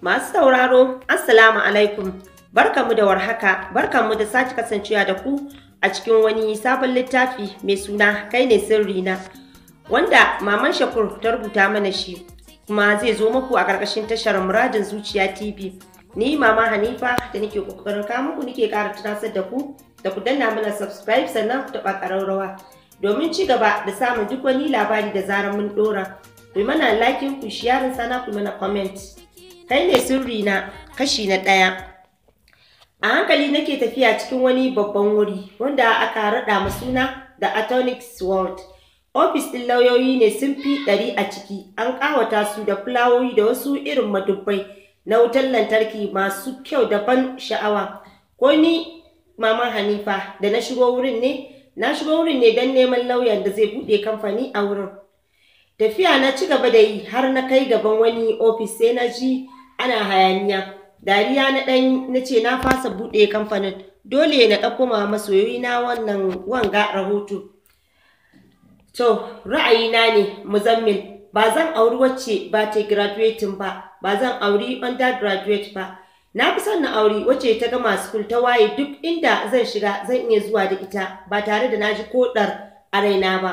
Masu sauraro, Assalamu alaikum. mu da warhaka, mu da sake kasancewa da ku a cikin wani sabon littafi mai suna kai ne sirri na wanda maman Shakur ta rubuta mana shi kuma zai zo muku a ƙarƙashin tashar muradin zuciya TV. Ni mama Hanifa da nake ƙoƙarin ka muku nake ƙara tunasar da ku da ku danna mana subscribe sannan ku taɓa ƙararrawa domin ci gaba da samun duk wani labari da zarar mun ɗora. Ku mana like ku sharing sana ku mana comment. kai ne sirri na kashi na ɗaya a hankali nake tafiya cikin wani babban wuri wanda aka raɗa ma suna da atomic world ofis ɗin lauyoyi ne sun fi ɗari a ciki an ƙawata su da fulawoyi da wasu irin madubbai na wutar lantarki masu kyau da ban sha'awa ko ni mama hanifa da na shigo wurin ne na shigo wurin ne don neman lauyan da zai buɗe kamfani a wurin tafiya na ci gaba da yi har na kai gaban wani ofis sai na ji ana hayaniya dariya na dan na ce na fasa buɗe kamfanin dole na ɗauko ma masoyi na wannan wanga rahoto to ra'ayina ne muzammil ba zan auri wacce ba ta graduating ba ba zan auri undergraduate ba na fi son na auri wacce ta gama school ta waye duk inda zan shiga zan iya zuwa da ita ba tare da na ji ko ɗar a raina ba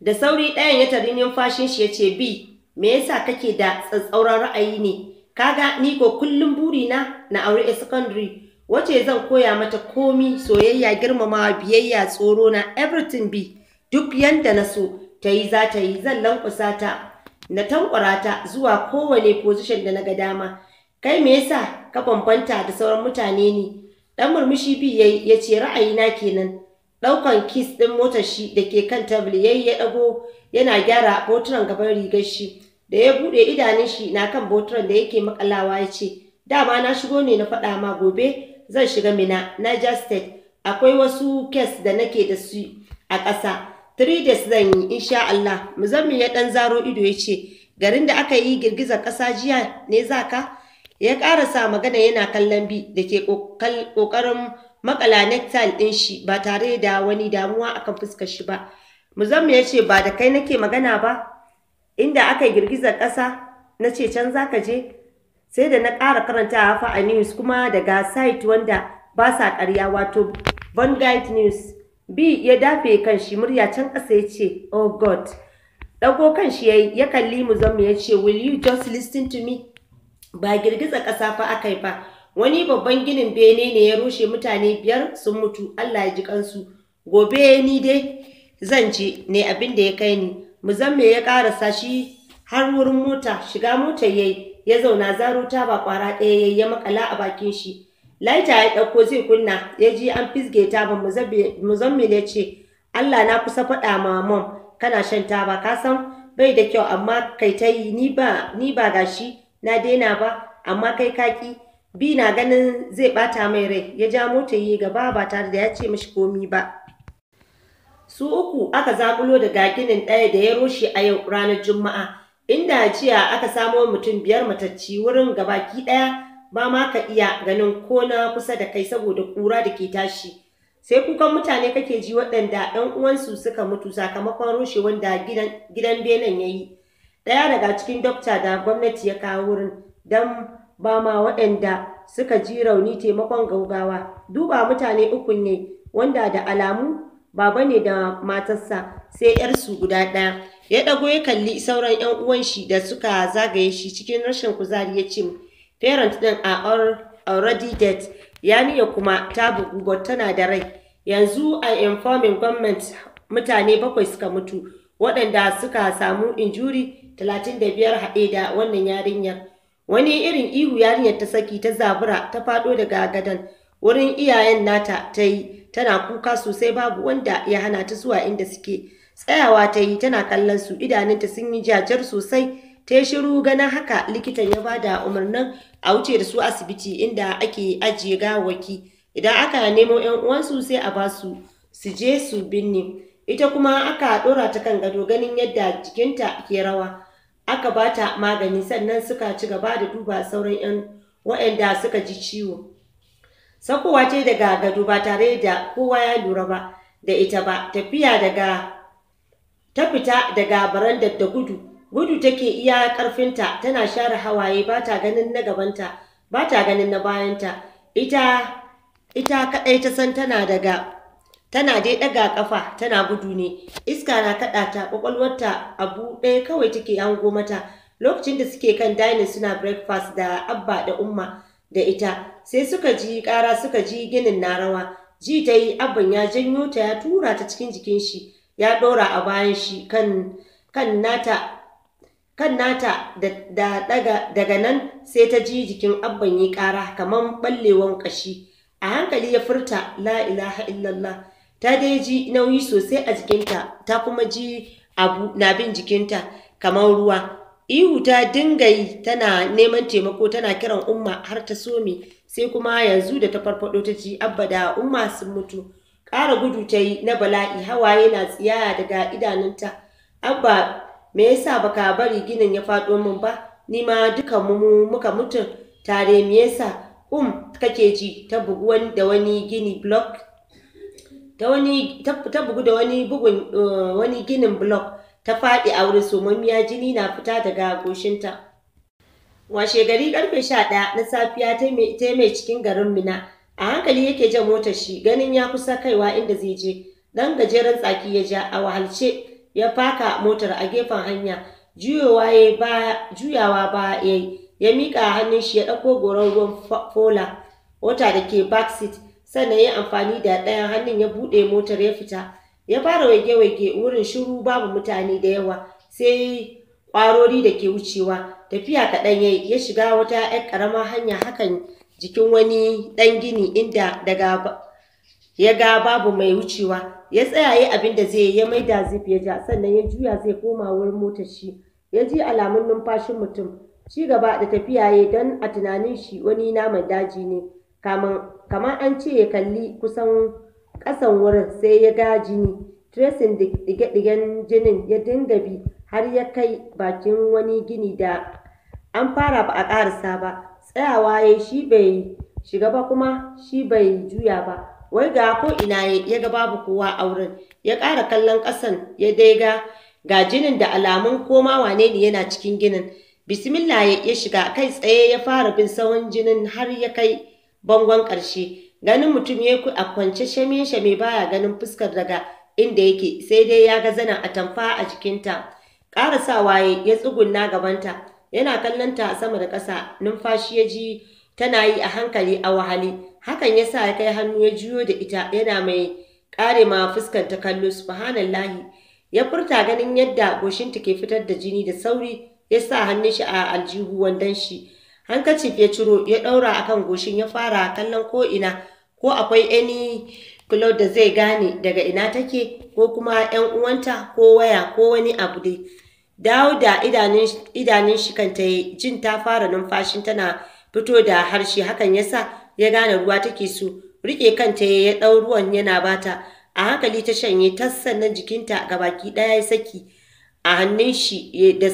da sauri ɗayan ya tari numfashin shi ya ce bi me yasa kake da tsatsauran ra'ayi ne kaga ni ko kullum buri na aure a secondary wace zan koya mata komi soyayya girmamawa biyayya tsoro na everything bi duk yanda na so ta yi za ta yi zan lankusa ta na tankwara ta zuwa kowane position da na ga dama kai me yasa ka bambanta da sauran mutane ne dan murmushi bi yayi ya ce na kenan daukan kis din motar shi da ke kan tabli yayi ya dago yana gyara hotunan gaban rigar shi da ya buɗe idanun shi na kan botron da yake makalawa ya ce dama na shigo ne na faɗa ma gobe zan shiga mina na state akwai wasu kes da nake da su a ƙasa three days zan yi insha Allah muzammin ya ɗan zaro ido ya ce garin da aka yi girgizar ƙasa jiya ne za ka ya ƙarasa magana yana kallon bi da ke ƙoƙarin makala nectar ɗin shi ba tare da wani damuwa akan fuskar shi ba muzammin ya ce ba da kai nake magana ba inda aka girgiza ƙasa na ce can za ka je sai da na ƙara karanta fa a news kuma daga site wanda ba sa ƙarya wato Vanguard news b ya dafe kan shi murya can ƙasa ya ce oh god ɗago kan shi ya kalli mu zama ya ce will you just listen to me ba girgiza ƙasa fa aka yi ba wani babban ginin bene ne ya rushe mutane biyar sun mutu allah ya ji kansu gobe ni dai zan je ne abin da ya kai ni muzamme ya ƙarasa shi har wurin mota shiga motar yayi ya zauna zaro ta ba kwara ɗaya yayi ya makala a bakin shi laita ya ɗauko zai kunna ya ji an fisge ta ba muzamme ya ce Allah na kusa faɗa ma mom kana shan taba ka san bai da kyau amma kai ta yi ni ba ni ba gashi na daina ba amma kai kaki bi na ganin zai bata mai rai ya ja mota yayi gaba ba tare da ya ce mishi komi ba Su uku aka zakulo daga ginin ɗaya da ya rushe a yau ranar Juma'a, inda jiya aka samo mutum biyar matacci wurin gabaki ɗaya ba ma ka iya ganin ko na kusa da kai saboda ƙura da ke tashi. Sai kukan mutane kake ji waɗanda ɗan uwansu suka mutu sakamakon rushe wanda gidan benen ya yi. Ɗaya daga cikin dokta da gwamnati ya kawo wurin don ba ma waɗanda suka ji rauni taimakon gaugawa. Duba mutane uku ne wanda da alamu baba ne da matarsa sai ‘yarsu guda ɗaya. Ya ɗago ya kalli sauran ‘yan uwan shi da suka zagaye shi cikin rashin kuzari ya ce, Parent ɗin a already dead, niya kuma ta bugu but tana da rai. Yanzu a informing government mutane bakwai suka mutu, waɗanda suka samu injuri 35 haɗe da wannan yarinyar. Wani irin ihu yarinyar ta saki ta zabura ta faɗo daga gadon wurin iyayen nata ta yi. tana kuka sosai babu wanda ya hana ta zuwa inda suke tsayawa ta yi tana kallon su idanunta sun yi jajar sosai ta yi shiru ganin haka likitan ya bada umarnin a wuce da su asibiti inda ake ajiye gawaki idan aka nemo yan uwansu sai a basu su je su binne ita kuma aka dora ta kan gado ganin yadda jikinta ke rawa aka bata magani sannan suka ci gaba da duba sauran yan waɗanda suka ji ciwo Sakowa ce daga gado ba tare da kowa ya lura ba da ita ba tafiya daga ta fita daga barandar da gudu gudu take iya ƙarfinta tana share hawaye ba ta ganin na gabanta ba ta ganin na bayanta ita ita kadai ta san tana daga tana dai daga kafa tana gudu ne iska na kada ta kwakwalwarta abu ɗaya kawai take hango mata lokacin da suke kan dining suna breakfast da abba da umma da ita sai suka ji ƙara suka ji ginin na rawa ji ta yi abin ya janyo ta ya tura ta cikin jikin shi ya ɗora a bayan shi kan nata kan daga, nan sai ta ji jikin abban yi ƙara kamar ɓallewan ƙashi a hankali ya furta la ilaha ta dai ji nauyi sosai a jikinta ta kuma ji abu na bin jikinta kamar ruwa ihu ta dinga yi tana neman taimako tana kiran umma har ta some sai kuma yanzu da ta farfado ta ci abba da umma sun mutu ƙara gudu ta yi na bala'i hawaye na tsiyaya daga idanunta abba me yasa baka bari ginin ya faɗo min ba ni ma duka mu muka mutu tare me yasa um kake ji ta bugu da wani gini block ta wani ta bugu da wani bugun uh, wani ginin block ta faɗi a wurin somammiya jini na fita daga goshinta Washe gari karfe sha ɗaya na safiya ta mai cikin garin Mina, a hankali yake jan motar shi ganin ya kusa kaiwa inda zai je, dan gajeren tsaki ya ja a wahalce ya faka motar a gefen hanya, juyawa ba ya yi, ya miƙa hannun shi ya ɗauko goron ruwan fola, wata da ke backseat, sannan ya amfani da ɗayan hannun ya buɗe motar ya fita. Ya fara waige-waige wurin shiru babu mutane da yawa, sai ƙwarori da ke wucewa tafiya kaɗan ya ya shiga wata 'yar ƙaramar hanya hakan jikin wani ɗan gini inda daga ya ga babu mai wucewa ya tsaya ya abin da zai ya maida zip ya ja sannan ya juya zai koma wurin mota shi ya ji alamun numfashin mutum ci gaba da tafiya ya don a tunanin shi wani naman daji ne kamar an ce ya kalli kusan kasan wurin sai ya ga jini tracing ɗige-ɗigen jinin ya dinga bi har ya kai bakin wani gini da an fara ba a ƙarasa ba tsayawa ya shi bai shiga ba kuma shi bai juya ba wai ga ko ina ya ga babu kowa a wurin ya ƙara kallon ƙasan ya dai ga jinin da alamun koma wane ne yana cikin ginin bismillah ya shiga kai tsaye ya fara bin tsawon jinin har ya kai bangon ƙarshe ganin mutum ya a kwance shame-shame baya ganin fuskar daga inda yake sai dai ya ga zanen tamfa a jikinta Ƙara Ƙarasawa ya tsugunna gabanta, yana kallon ta sama da ƙasa, numfashi ya ji tana yi a hankali a wahali. Hakan ya sa ya kai hannu ya juyo da ita yana mai ƙare ma ta kallo subhanallahi. Ya furta ganin yadda goshinta ke fitar da jini da sauri ya sa hannun shi a aljihu wandon shi. Hankacif ya ciro ya ɗaura akan goshin ya fara kallon ko'ina ko akwai any Claude da zai gane daga ina take ko kuma 'yan uwanta ko waya ko wani abu dai. Dawo da idanun shi kanta jin ta fara numfashin tana fito da harshe hakan yasa ya gane ruwa take so. Rike kanta ya dau ruwan yana bata a hankali ta shanye tas sannan jikinta ga daya ya saki a hannun shi da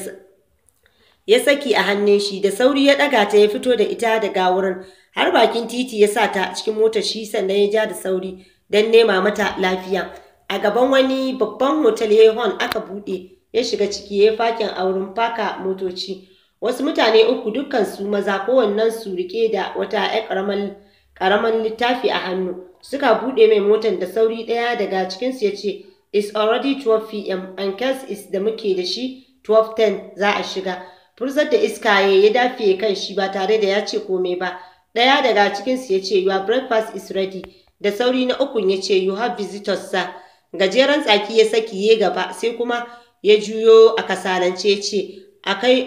ya saki a hannun shi da sauri ya ɗaga ta ya fito da ita daga wurin har bakin titi ya sa ta cikin motar shi sannan ya ja da sauri don nema mata lafiya a gaban wani babban hotel ya hon aka buɗe ya shiga ciki ya fakin auren faka motoci wasu mutane uku dukkan su maza kowannen su rike da wata 'yar ƙaramar ƙaramin littafi a hannu suka buɗe mai motar da sauri ɗaya daga cikinsu ya ce it's already 12 pm and cars is da muke da shi 12:10 za a shiga Fursar da iska ya dafe kan shi ba tare da ya ce komai ba ɗaya daga cikinsu ya ce your breakfast is ready da sauri na ukun ya ce you have visitors sa gajeren tsaki ya saki ya gaba sai kuma ya juyo a kasalance ya ce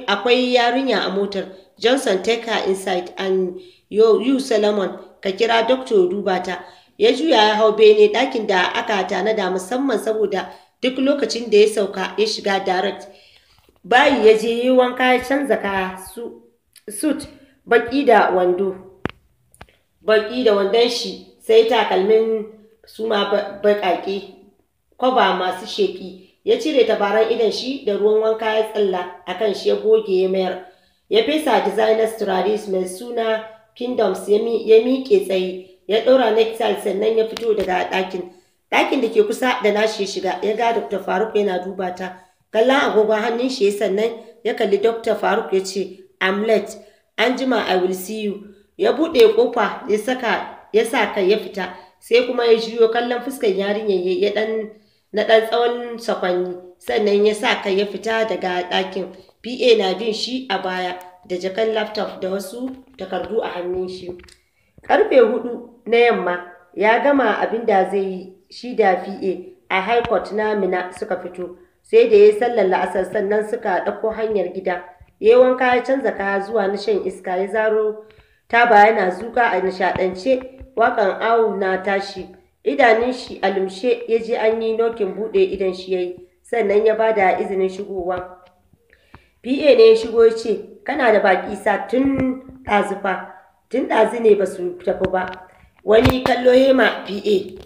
akwai yarinya a motar johnson take her inside and you, solomon ka kira doctor duba ya juya ya hau bene dakin da aka da musamman saboda duk lokacin da ya sauka ya shiga direct bayi ya je yi wanka ya canza ka suit baki da wando baki da wandon shi sai takalmin su ma baƙaƙe kwaba masu sheƙi ya cire tabaran idan shi da ruwan wanka ya tsalla a kan shi ya goge ya mayar ya fesa designers straris mai suna kingdoms ya miƙe tsaye ya ɗora necktie sannan ya fito daga ɗakin ɗakin da ke kusa da nashi ya shiga ya ga dr faruk yana duba ta kallon agogon hannun shi sannan ya kalli dr faruk ya ce amlet an jima i will see you ya buɗe kofa ya saka ya sa kai ya fita sai kuma ya jiyo kallon fuskan yarinyar ya dan na dan tsawon sakwanni sannan ya sa kai ya fita daga ɗakin pa na bin shi a baya da jakan laptop da wasu takardu a hannun shi karfe hudu na yamma ya gama abin da zai yi shi da pa a high court na mina suka fito sai da ya sallar la'asar sannan suka ɗauko hanyar gida ya yi wanka ya canza kaya zuwa na shan iska ya zaro ta yana zuka a nishaɗance waƙan awu na tashi idanun shi a lumshe ya ji an yi nokin buɗe idan shi ya yi sannan ya bada izinin shigowa pa ne ya shigo ya ce kana da baƙi sa tun ɗazu fa tun ɗazu ne ba su tafi ba wani kallo hema pa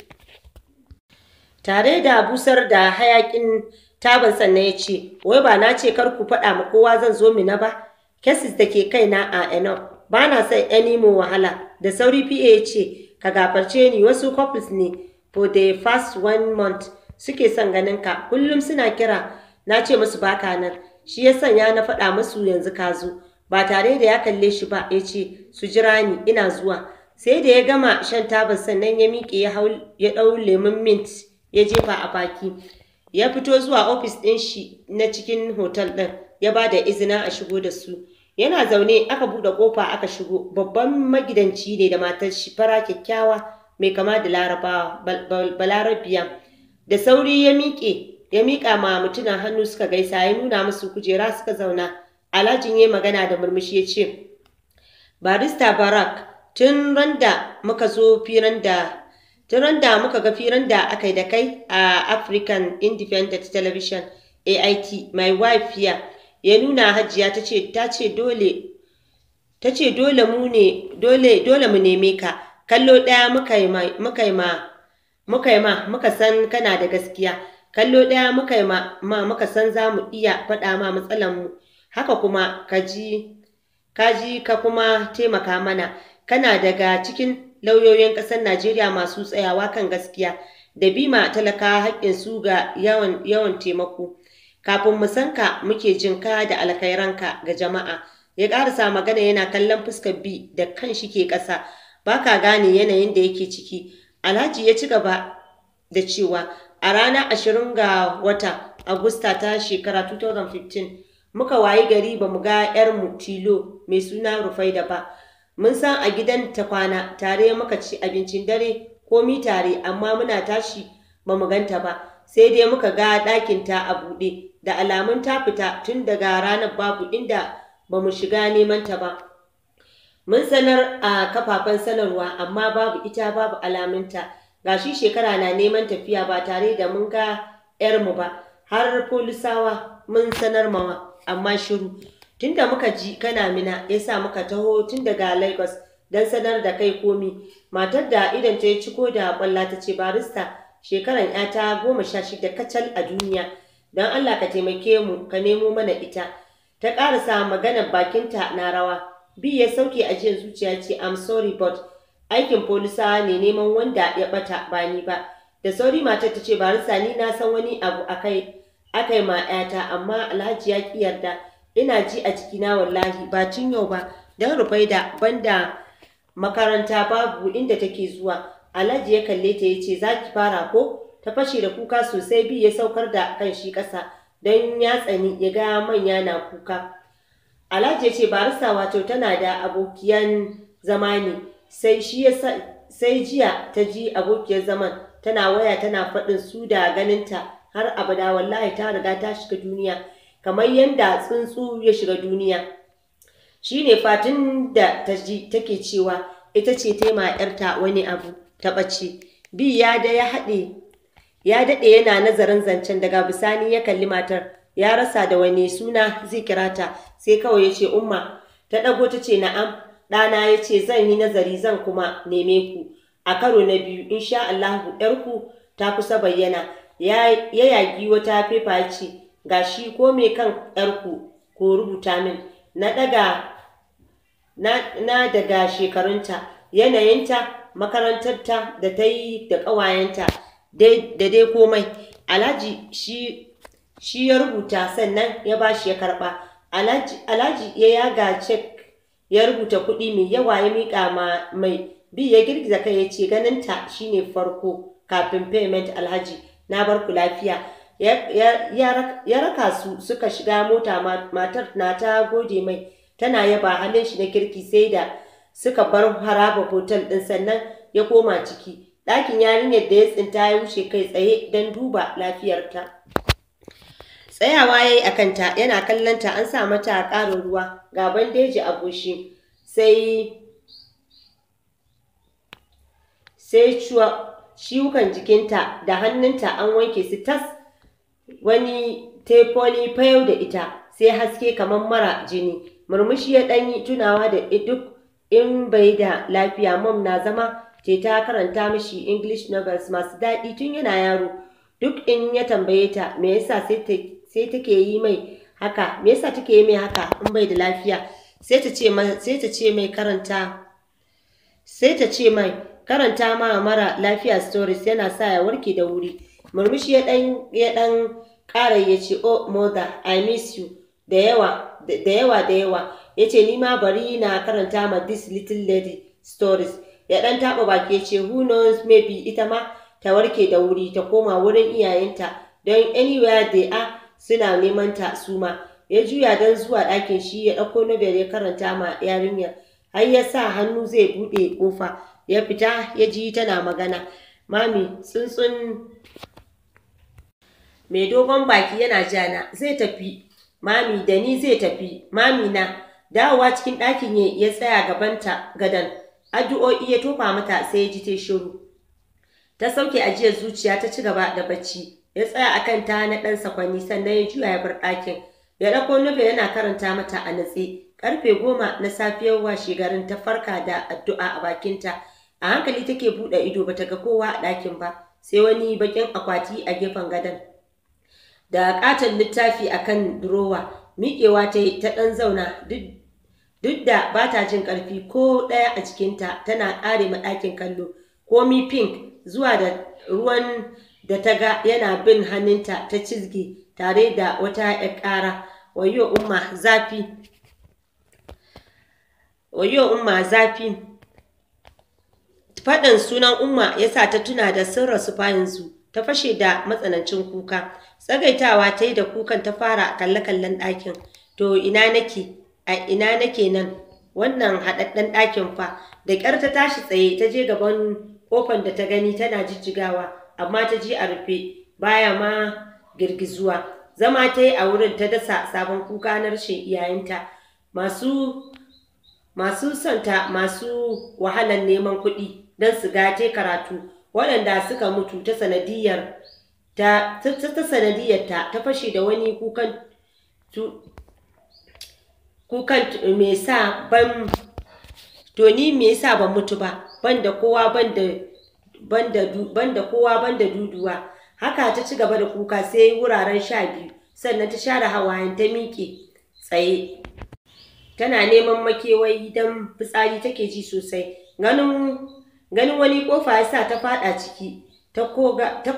tare da busar da hayaƙin taban sannan ya ce wai ba na ce kar ku faɗa ma kowa zan zo mina ba kesis da ke kaina a enough ba na son any wahala da sauri PA ya ce ka gafarce ni wasu couples ne for the first one month suke son ganin ka kullum suna kira na ce musu baka nan shi ya sanya na faɗa musu yanzu ka zo ba tare da ya kalle shi ba ya ce su jira ni ina zuwa sai da ya gama shan tabar sannan ya miƙe ya ɗau lemon mint ya jefa a baki ya fito zuwa ofis ɗin shi na cikin hotel ɗin ya ba da izina a shigo da su yana zaune aka buɗe ƙofa aka shigo babban magidanci ne da matar shi fara kyakkyawa mai kama da larabawa balarabiya da sauri ya miƙe ya miƙa ma mutuna hannu suka gaisa ya nuna musu kujera suka zauna alhajin ya magana da murmushi ya ce barista barak tun randa muka zo firan da tun randa muka ga firan da aka yi da kai a african independent television ait my wife here ya nuna hajiya ta ce dole ta ce dole mu ne dole dole mu neme ka kallo ɗaya muka yi muka yi ma muka san kana da gaskiya kallo ɗaya muka yi ma muka san za mu iya faɗa ma matsalan mu haka kuma ka ji ka kuma taimaka mana kana daga cikin lauyoyin ƙasar Najeriya masu tsayawa kan gaskiya da bima talaka haƙƙin su ga yawan yawan taimako kafin mu san ka muke jin ka da alkhairanka ga jama'a ya ƙarasa magana yana kallon fuskar bi da kan shi ke ƙasa ba ka gane yanayin da yake ciki alhaji ya ci gaba da cewa a ranar ashirin ga wata agusta ta shekara 2015 muka wayi gari ba mu ga 'yarmu tilo mai suna rufaida ba mun san a gidan ta kwana tare muka ci abincin dare komi tare amma muna tashi ba mu ganta ba sai dai muka ga ɗakinta a buɗe da alamun ta fita tun daga ranar babu inda ba mu shiga neman ta ba. Mun sanar a kafafen sanarwa amma babu ita babu alamunta shi shekara na neman tafiya ba tare da mun ga 'yarmu ba har polisawa mun sanar mawa amma shiru. Tunda muka ji kana mina ya sa muka taho tun daga Lagos don sanar da kai komi matar da idan ta ya ciko da ƙwallata ce barista shekaran 'yata goma sha shida kacal a duniya. don Allah ka taimake mu ka nemo mana ita ta ƙarasa maganar bakinta na rawa bi ya sauke ajiyar zuciya ce I'm sorry but aikin polisawa ne neman wanda ya bata ba ni ba da sauri matar ta ce barisa ni na san wani abu akai akai ma yata amma alhaji ya ki yarda ina ji a cikina wallahi ba cin yau ba dan rufaida banda makaranta babu inda take zuwa alhaji ya kalle ta ya ce za ki fara ko ta fashe da kuka sosai bi ya saukar da kan shi ƙasa don ya tsani ya ga manya na kuka alhaji ya ce barista wato tana da abokiyan zama ne sai jiya ta ji abokiyar zaman tana waya tana faɗin su da ganinta har abada wallahi ta riga ta shiga duniya kamar yadda tsuntsu ya shiga duniya shi ne fatin da ta ji take cewa ita ce taima yarta wani abu ta ɓace bi ya da ya haɗe Ya daɗe yana nazarin zancen daga bisani ya kalli matar, ya rasa da wani suna zai kira ta, sai kawai ya ce umma, ta ɗago ta ce na'am, ɗana ya ce zan yi nazari zan kuma neme ku. A karo na biyu, insha Allahu, ‘yarku ta kusa bayyana, ya yaƙi wata fefa ce, ga shi ko mai kan ‘yarku ko rubuta min, na daga na daga shekarunta, yanayinta, makarantarta da ta yi da ƙawayenta. da dai komai alhaji shi ya rubuta sannan ya ba shi ya karba alhaji ya yaga cek ya rubuta kuɗi mai yawa ya mika mai bi ya girgiza kai ya ce ganin ta shine farko kafin payment alhaji na bar ku lafiya ya raka su suka shiga mota matar na ta gode mai tana yaba halin shi na kirki sai da suka bar haraba hotel din sannan ya koma ciki ɗakin yarinyar da ya tsinta ya wuce kai tsaye don duba lafiyarta. Tsayawa ya yi a kanta yana kallonta an sa mata ƙarin ruwa ga bandeji a goshi sai sai ciwukan jikinta da hannunta an wanke su tas wani tefoli fayau da ita sai haske kamar mara jini murmushi ya ɗanyi tunawa da duk in bai da lafiya mom na zama ce ta karanta mishi English novels masu daɗi tun yana yaro. Duk in ya tambaye ta me yasa sai take yi mai haka, me yasa take yi mai haka in bai da lafiya. Sai ta ce mai karanta sai ta ce mai karanta ma mara lafiya stories yana sa ya warke da wuri. Murmushi ya ɗan ya ɗan ƙara ya ce oh mother I miss you da yawa da yawa da yawa ya ni ma bari na karanta ma this little lady stories ya ɗan taɓa baki ya ce who knows maybe ita ma ta warke da wuri ta koma wurin iyayenta don anywhere they are suna neman ta suma. ya juya dan zuwa ɗakin shi ya ɗauko nobel ya karanta ma yarinyar har ya sa hannu zai buɗe ƙofa ya fita ya ji tana magana mami tsuntsun mai dogon baki yana jana zai tafi mami da ni zai tafi mami na dawowa cikin ɗakin ya tsaya gabanta gadan addu'o'i ya tofa mata sai ya ji ta shiru ta sauke ajiyar zuciya ta ci gaba da bacci ya tsaya akan ta na ɗan sakwanni sannan ya juya ya bar ɗakin ya ɗauko nufe yana karanta mata a natse karfe goma na safiyar washe garin ta farka da addu'a a bakinta a hankali take buɗe ido bata ga kowa a ɗakin ba sai wani bakin akwati a gefen gadon da katon littafi akan durowa miƙewa ta ta ɗan zauna duk duk da ba ta jin ƙarfi ko ɗaya a ta tana ƙare ɗakin kallo komi pink zuwa da ruwan da ta ga yana bin hannunta ta cizge tare da wata ƴar ƙara wayo umma zafi wayo umma zafi faɗin sunan umma ya sa ta tuna da sun rasu fahimsu ta fashe da matsanancin kuka tsagaitawa ta yi da kukan ta fara kalle-kallen ɗakin to ina nake a ina nake nan wannan haɗaɗɗen ɗakin fa da ƙyar ta tashi tsaye ta je gaban kofar da ta gani tana jijjigawa amma ta ji a rufe baya ma girgizuwa zama ta yi a wurin ta dasa sabon kuka na rashin iyayenta masu masu santa masu wahalar neman kuɗi don su gate karatu waɗanda suka mutu ta sanadiyar ta ta fashe da wani kukan kukan eh, me yasa ban to ni me yasa ban mutu ba ban da kowa ban da ban kowa ban duduwa haka ta ci gaba da kuka sai wuraren sha biyu sannan ta share hawayen ta miƙe tsaye tana neman makewayi don fitsari take ji sosai ganin ganin wani kofa yasa ta fada ciki ta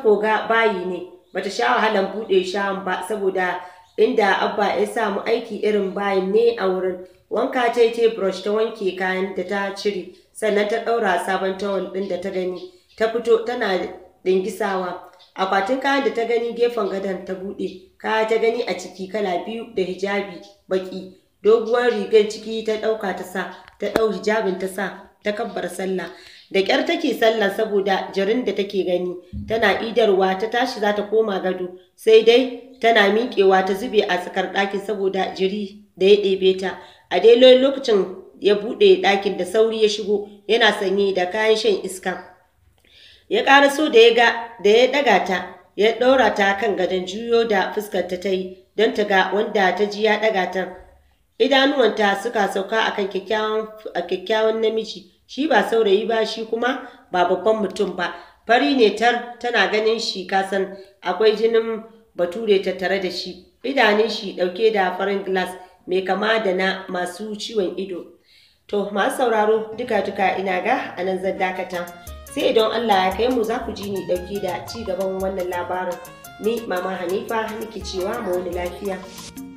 koga bayi ne bata sha wahalan buɗe shawan ba saboda inda Abba ya samu aiki irin bayin ne a wurin. Wanka ce ta brush ta wanke kayan da ta cire, sannan ta ɗaura sabon tawul ɗin da ta gani. Ta fito tana dingisawa. Akwatin kayan da ta gani gefen gadon ta buɗe, kaya ta gani a ciki kala biyu da hijabi baƙi. Doguwar rigar ciki ta ɗauka ta sa, ta ɗau hijabin ta sa, ta kabbar sallah. da ƙyar take sallah saboda jarin da take gani tana idarwa ta tashi za ta koma gado sai dai tana miƙewa ta zube a tsakar ɗakin saboda jiri da ya ɗebe ta a daidai lokacin ya buɗe ɗakin da sauri ya shigo yana sanye da kayan shan iska ya ƙara so da ya da ya ɗaga ta ya ɗaura ta kan gadon juyo da fuskar ta yi don ta ga wanda ta ji ya ɗaga ta idanuwanta suka sauka a kan kyakkyawan namiji shi ba saurayi ba shi kuma ba babban mutum ba fari ne tar tana ganin shi kasan akwai jinin bature tare da shi idanun shi ɗauke da farin glass mai kama da na masu ciwon ido to masu sauraro duka duka ina ga anan zan dakata sai idan Allah ya kai mu za ku ji ni ɗauke da ci gaban wannan labarin ni mama Hanifa nake cewa mu wani lafiya